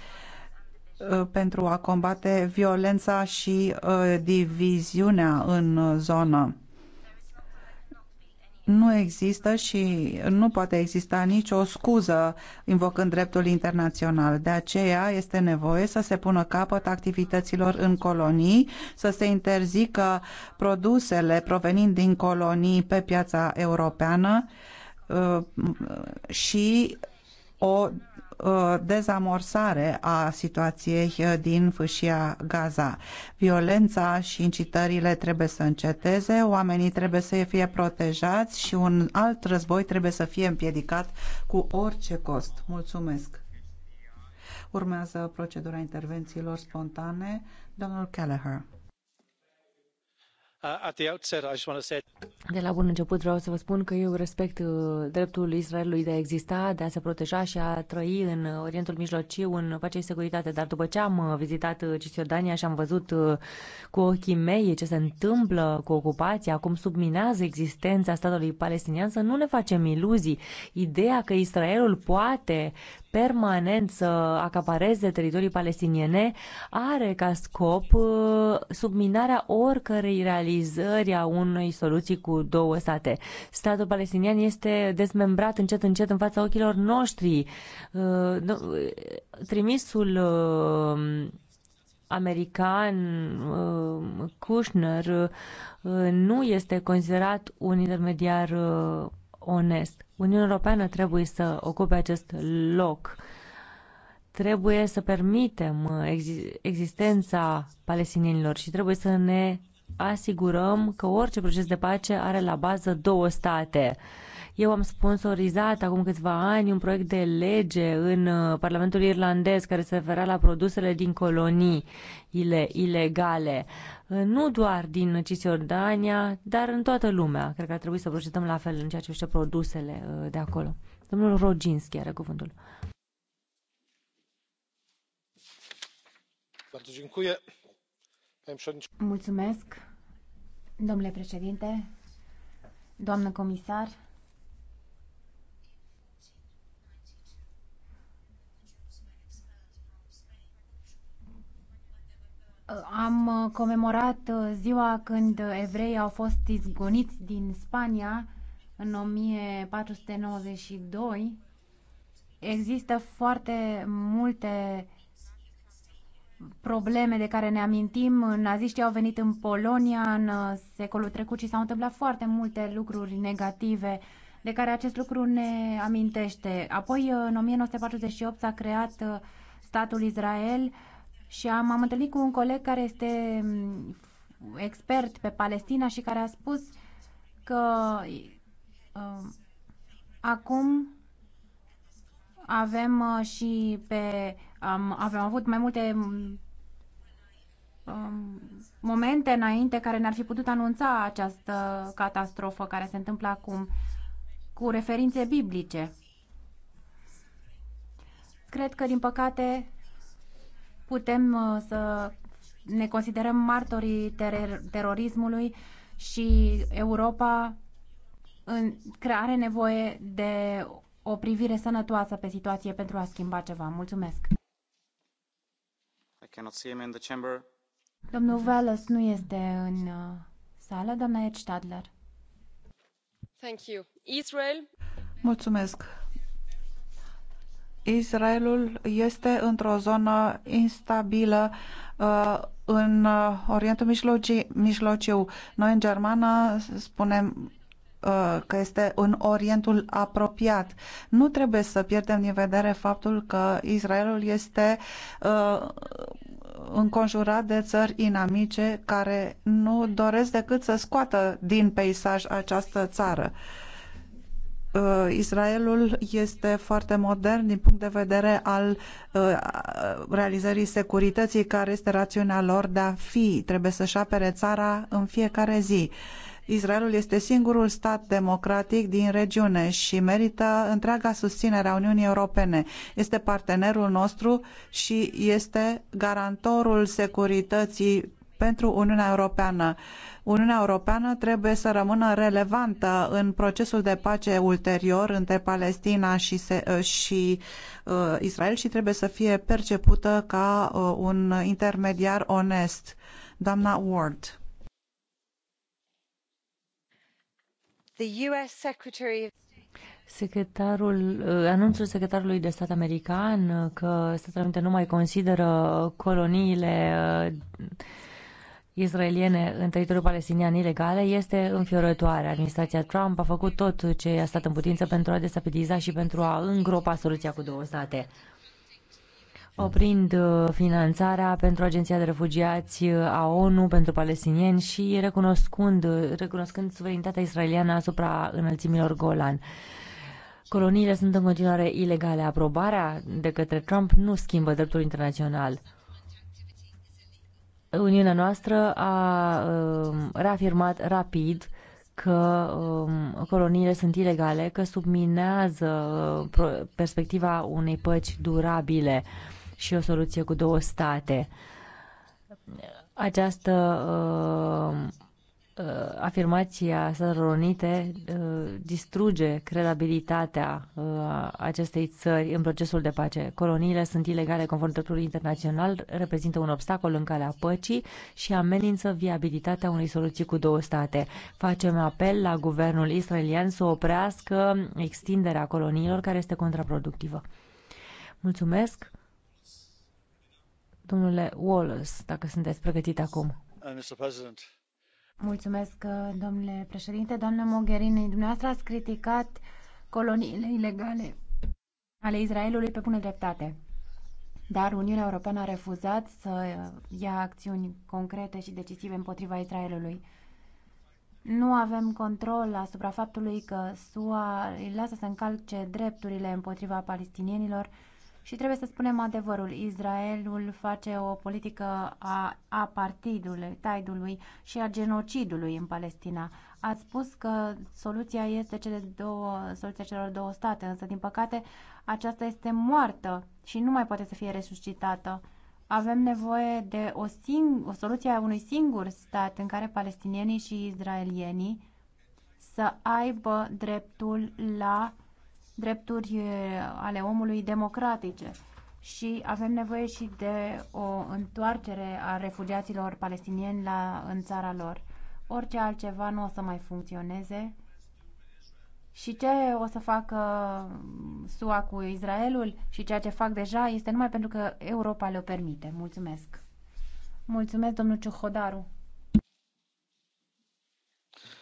pentru a combate violența și diviziunea în zonă nu există și nu poate exista nicio scuză invocând dreptul internațional. De aceea este nevoie să se pună capăt activităților în colonii, să se interzică produsele provenind din colonii pe piața europeană uh, și o Uh, dezamorsare a situației uh, din fâșia Gaza. Violența și incitările trebuie să înceteze, oamenii trebuie să fie protejați și un alt război trebuie să fie împiedicat cu orice cost. Mulțumesc! Urmează procedura intervențiilor spontane. Domnul Kelleher. Uh, de la bun început vreau să vă spun că eu respect uh, dreptul Israelului de a exista, de a se proteja și a trăi în Orientul Mijlociu, în pace și securitate. Dar după ce am uh, vizitat Cisjordania și am văzut cu ochii mei ce se întâmplă cu ocupația, cum subminează existența statului palestinian, să nu ne facem iluzii. Ideea că Israelul poate permanent să acapareze teritorii palestiniene are ca scop uh, subminarea oricărei realizări a unei soluții cu două state. Statul palestinian este dezmembrat încet încet în fața ochilor noștri. Uh, trimisul uh, american Kushner nu este considerat un intermediar onest. Uniunea Europeană trebuie să ocupe acest loc. Trebuie să permitem uh, existența palestinienilor și trebuie să ne asigurăm că orice proces de pace are la bază două state. Eu am sponsorizat acum câțiva ani un proiect de lege în uh, Parlamentul Irlandez care se referea la produsele din coloniile ilegale nu doar din Cisjordania, dar în toată lumea. Cred că ar trebui să procedăm la fel în ceea ce privește produsele uh, de acolo. Domnul Roginski are cuvântul. Mulțumesc, domnule președinte, doamnă comisar, am uh, comemorat uh, ziua când evrei au fost izgoniți din Spania în 1492. Există foarte multe probleme de care ne amintim. Naziștii au venit în Polonia în uh, secolul trecut și s-au întâmplat foarte multe lucruri negative de care acest lucru ne amintește. Apoi, în 1948 s-a creat statul Israel și am, am întâlnit cu un coleg care este mm, expert pe Palestina și care a spus că uh, acum avem uh, și pe um, avem avut mai multe mm, um, momente înainte care ne-ar fi putut anunța această catastrofă care se întâmplă acum cu referințe biblice. Cred că, din păcate, putem uh, să ne considerăm martorii ter- terorismului și Europa în, are nevoie de o privire sănătoasă pe situație pentru a schimba ceva. Mulțumesc! I cannot see him in the chamber. Domnul Wallace nu este în uh, sală, doamna Stadler. Thank you. Israel. Mulțumesc. Israelul este într-o zonă instabilă uh, în uh, Orientul Mijlociu. Noi în germană spunem uh, că este în Orientul apropiat. Nu trebuie să pierdem din vedere faptul că Israelul este înconjurat de țări inamice care nu doresc decât să scoată din peisaj această țară. Uh, Uh, Israelul este foarte modern din punct de vedere al uh, realizării securității, care este rațiunea lor de a fi. Trebuie să-și apere țara în fiecare zi. Israelul este singurul stat democratic din regiune și merită întreaga susținere a Uniunii Europene. Este partenerul nostru și este garantorul securității pentru Uniunea Europeană. Uniunea Europeană trebuie să rămână relevantă în procesul de pace ulterior între Palestina și, uh, și uh, Israel și trebuie să fie percepută ca uh, un intermediar onest. Doamna Ward. The US Secretary Secretarul, uh, anunțul secretarului de stat american uh, că Statele Unite nu mai consideră coloniile israeliene în teritoriul palestinian ilegale este înfiorătoare. Administrația Trump a făcut tot ce a stat în putință pentru a destabiliza și pentru a îngropa soluția cu două state oprind uh, finanțarea pentru Agenția de Refugiați uh, a ONU pentru palestinieni și recunoscând, uh, recunoscând suverenitatea israeliană asupra înălțimilor Golan. Coloniile sunt în continuare ilegale. Aprobarea de către Trump nu schimbă dreptul internațional. Uniunea noastră a um, reafirmat rapid că um, coloniile sunt ilegale, că subminează uh, perspectiva unei păci durabile și o soluție cu două state. Această uh, Uh, afirmația Statelor Unite uh, distruge credibilitatea uh, acestei țări în procesul de pace. Coloniile sunt ilegale conform dreptului internațional, reprezintă un obstacol în calea păcii și amenință viabilitatea unei soluții cu două state. Facem apel la guvernul israelian să oprească extinderea coloniilor care este contraproductivă. Mulțumesc. Domnule Wallace, dacă sunteți pregătit acum. Mr. President, Mulțumesc, uh, domnule președinte. Doamna Mogherini, dumneavoastră ați criticat coloniile ilegale ale Israelului pe bună dreptate. Dar Uniunea Europeană a refuzat să ia acțiuni concrete și decisive împotriva Israelului. Nu avem control asupra faptului că SUA îi lasă să încalce drepturile împotriva palestinienilor și trebuie să spunem adevărul, Israelul face o politică a, a partidului, taidului și a genocidului în Palestina. Ați spus că soluția este cele două, soluția celor două state, însă din păcate aceasta este moartă și nu mai poate să fie resuscitată. Avem nevoie de o, sing- o soluție a unui singur stat în care palestinienii și izraelienii să aibă dreptul la drepturi eh, ale omului democratice și avem nevoie și de o întoarcere a refugiaților palestinieni la, în țara lor. Orice altceva nu o să mai funcționeze. Și ce o să facă mm, SUA cu Israelul și ceea ce fac deja este numai pentru că Europa le-o permite. Mulțumesc! Mulțumesc, domnul Ciuhodaru!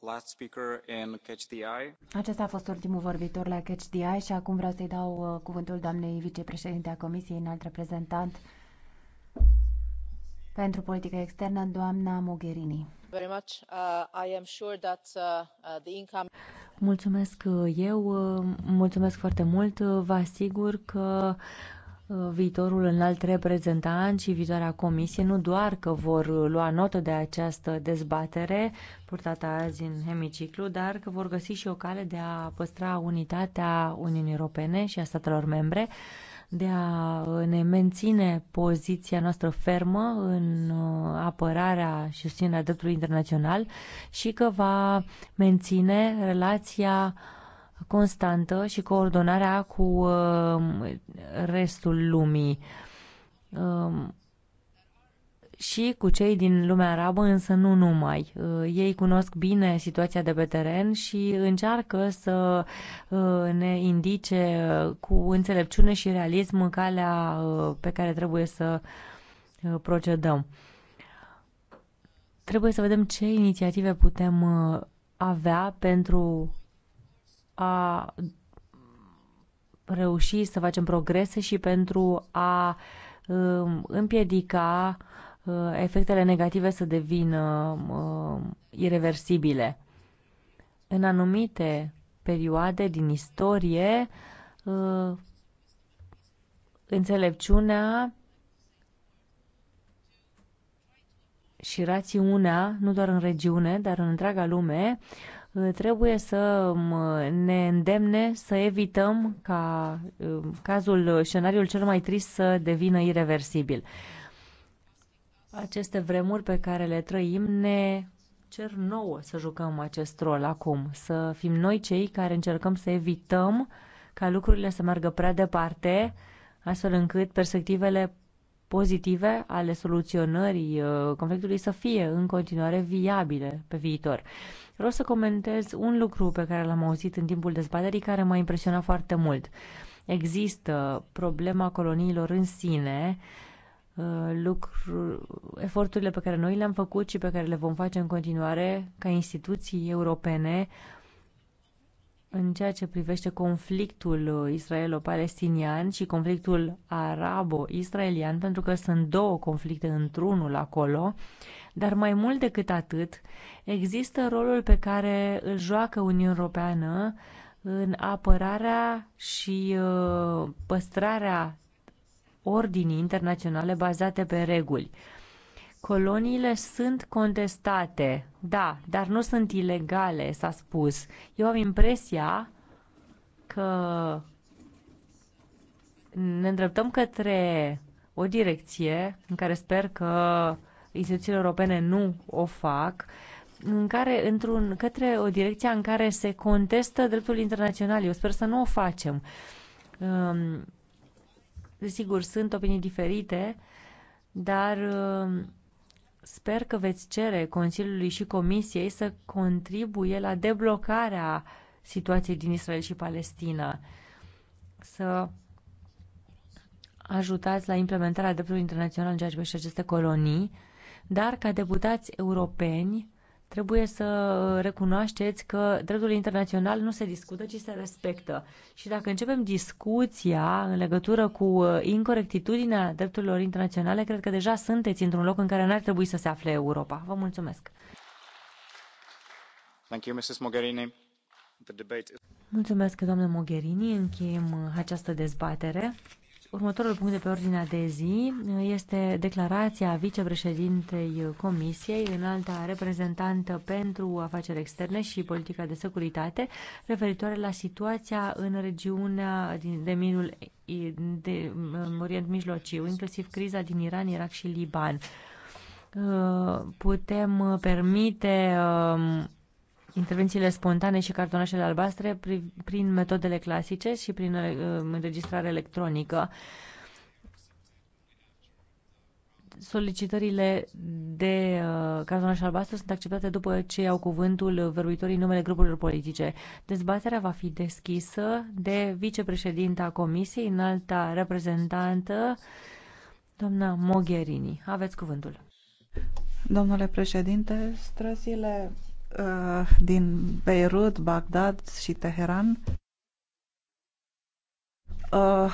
last speaker in Catch the Eye. Acesta a fost ultimul vorbitor la Catch the Eye și acum vreau să-i dau uh, cuvântul doamnei vicepreședinte a Comisiei, înalt reprezentant pentru politică externă, doamna Mogherini. Very much. Uh, I am sure that uh, uh the income... Mulțumesc uh, eu, mulțumesc foarte mult. Vă asigur că uh, viitorul înalt reprezentant și viitoarea comisie nu doar că vor lua notă de această dezbatere purtată azi în hemiciclu, dar că vor găsi și o cale de a păstra unitatea Uniunii Europene și a statelor membre, de a ne menține poziția noastră fermă în uh, apărarea și susținerea dreptului internațional și că va menține relația uh, constantă și coordonarea cu uh, restul lumii um, și cu cei din lumea arabă, însă nu numai. Uh, ei cunosc bine situația de pe teren și încearcă să uh, ne indice cu înțelepciune și realism calea pe care trebuie să procedăm. Trebuie să vedem ce inițiative putem avea pentru a reuși să facem progrese și pentru a um, împiedica uh, efectele negative să devină um, irreversibile. În anumite perioade din istorie, uh, înțelepciunea și rațiunea, nu doar în regiune, dar în întreaga lume, trebuie să um, ne îndemne să evităm ca um, cazul, scenariul cel mai trist să devină irreversibil. Aceste vremuri pe care le trăim ne cer nouă să jucăm acest rol acum, să fim noi cei care încercăm să evităm ca lucrurile să meargă prea departe, astfel încât perspectivele pozitive ale soluționării uh, conflictului să fie în continuare viabile pe viitor. Vreau să comentez un lucru pe care l-am auzit în timpul dezbaterii care m-a impresionat foarte mult. Există problema coloniilor în sine, uh, lucru, eforturile pe care noi le-am făcut și pe care le vom face în continuare ca instituții europene în ceea ce privește conflictul uh, israelo-palestinian și conflictul arabo-israelian, pentru că sunt două conflicte într-unul acolo, dar mai mult decât atât, există rolul pe care îl joacă Uniunea Europeană în apărarea și uh, păstrarea ordinii internaționale bazate pe reguli. Coloniile sunt contestate, da, dar nu sunt ilegale, s-a spus. Eu am impresia că ne îndreptăm către o direcție în care sper că instituțiile europene nu o fac, în care, într-un, către o direcție în care se contestă dreptul internațional. Eu sper să nu o facem. Um, desigur, sunt opinii diferite, dar um, Sper că veți cere Consiliului și Comisiei să contribuie la deblocarea situației din Israel și Palestina, să ajutați la implementarea dreptului internațional în ceea ce privește aceste colonii, dar ca deputați europeni Trebuie să recunoașteți că dreptul internațional nu se discută, ci se respectă. Și dacă începem discuția în legătură cu uh, incorectitudinea drepturilor internaționale, cred că deja sunteți într-un loc în care n-ar trebui să se afle Europa. Vă mulțumesc. Thank you, Mrs. Mogherini. The debate... Mulțumesc, doamnă Mogherini. Încheiem uh, această dezbatere. Următorul punct de pe ordinea de zi este declarația vicepreședintei Comisiei, înalta reprezentantă pentru afaceri externe și politica de securitate, referitoare la situația în regiunea de Mirul de Orient Mijlociu, inclusiv criza din Iran, Irak și Liban. Uh, putem permite um, intervențiile spontane și cartonașele albastre pri, prin metodele clasice și prin uh, înregistrare electronică. Solicitările de uh, cartonaș albastru sunt acceptate după ce au cuvântul vorbitorii numele grupurilor politice. Dezbaterea va fi deschisă de vicepreședinta Comisiei, înalta reprezentantă, doamna Mogherini. Aveți cuvântul. Domnule președinte, străzile Uh, din Beirut, Bagdad și Teheran uh,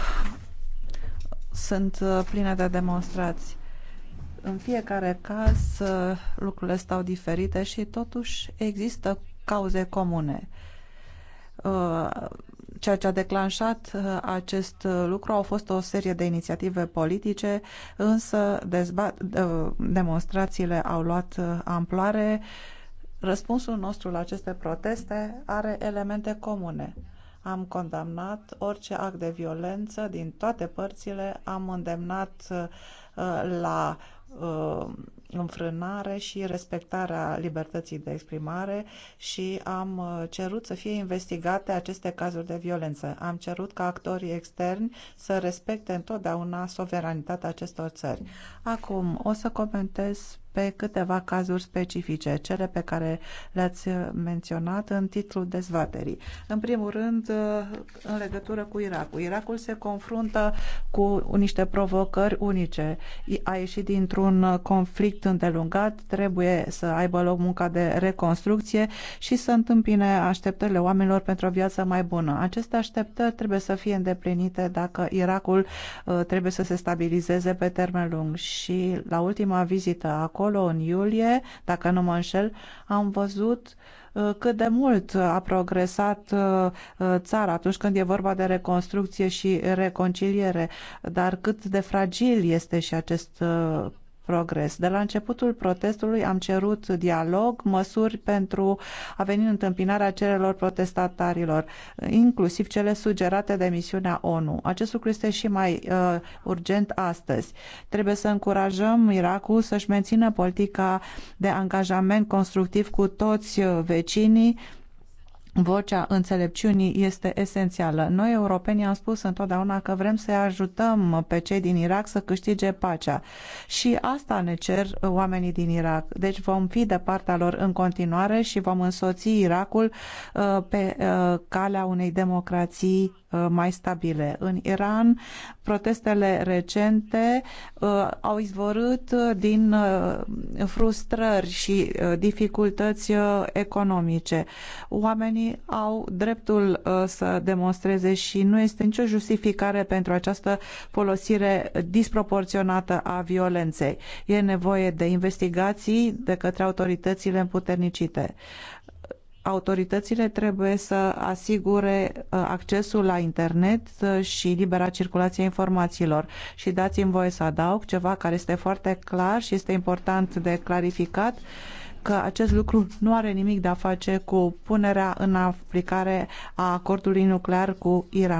sunt uh, pline de demonstrații. În fiecare caz lucrurile stau diferite și totuși există cauze comune. Ceea ce a declanșat acest lucru au fost o serie de inițiative politice, însă demonstrațiile au luat amploare, Răspunsul nostru la aceste proteste are elemente comune. Am condamnat orice act de violență din toate părțile, am îndemnat uh, la uh, înfrânare și respectarea libertății de exprimare și am uh, cerut să fie investigate aceste cazuri de violență. Am cerut ca actorii externi să respecte întotdeauna suveranitatea acestor țări. Acum o să comentez pe câteva cazuri specifice, cele pe care le-ați menționat în titlul dezbaterii. În primul rând, în legătură cu Irakul. Irakul se confruntă cu niște provocări unice. A ieșit dintr-un conflict îndelungat, trebuie să aibă loc munca de reconstrucție și să întâmpine așteptările oamenilor pentru o viață mai bună. Aceste așteptări trebuie să fie îndeplinite dacă Irakul uh, trebuie să se stabilizeze pe termen lung. Și la ultima vizită a acolo în iulie, dacă nu mă înșel, am văzut uh, cât de mult a progresat uh, uh, țara atunci când e vorba de reconstrucție și reconciliere, dar cât de fragil este și acest progres. De la începutul protestului am cerut dialog, măsuri pentru a veni în întâmpinarea celor protestatarilor, inclusiv cele sugerate de misiunea ONU. Acest lucru este și mai uh, urgent astăzi. Trebuie să încurajăm Irakul să-și mențină politica de angajament constructiv cu toți uh, vecinii, vocea înțelepciunii este esențială. Noi, europenii, am spus întotdeauna că vrem să-i ajutăm pe cei din Irak să câștige pacea. Și asta ne cer oamenii din Irak. Deci vom fi de partea lor în continuare și vom însoți Irakul uh, pe uh, calea unei democrații uh, mai stabile. În Iran, protestele recente au izvorât din frustrări și dificultăți economice. Oamenii Oamenii au dreptul uh, să demonstreze și nu este nicio justificare pentru această folosire disproporționată a violenței. E nevoie de investigații de către autoritățile împuternicite autoritățile trebuie să asigure uh, accesul la internet uh, și libera circulație a informațiilor. Și dați-mi voie să adaug ceva care este foarte clar și este important de clarificat. Uh, că acest lucru nu are nimic de a face cu punerea în aplicare a acordului nuclear cu Iran.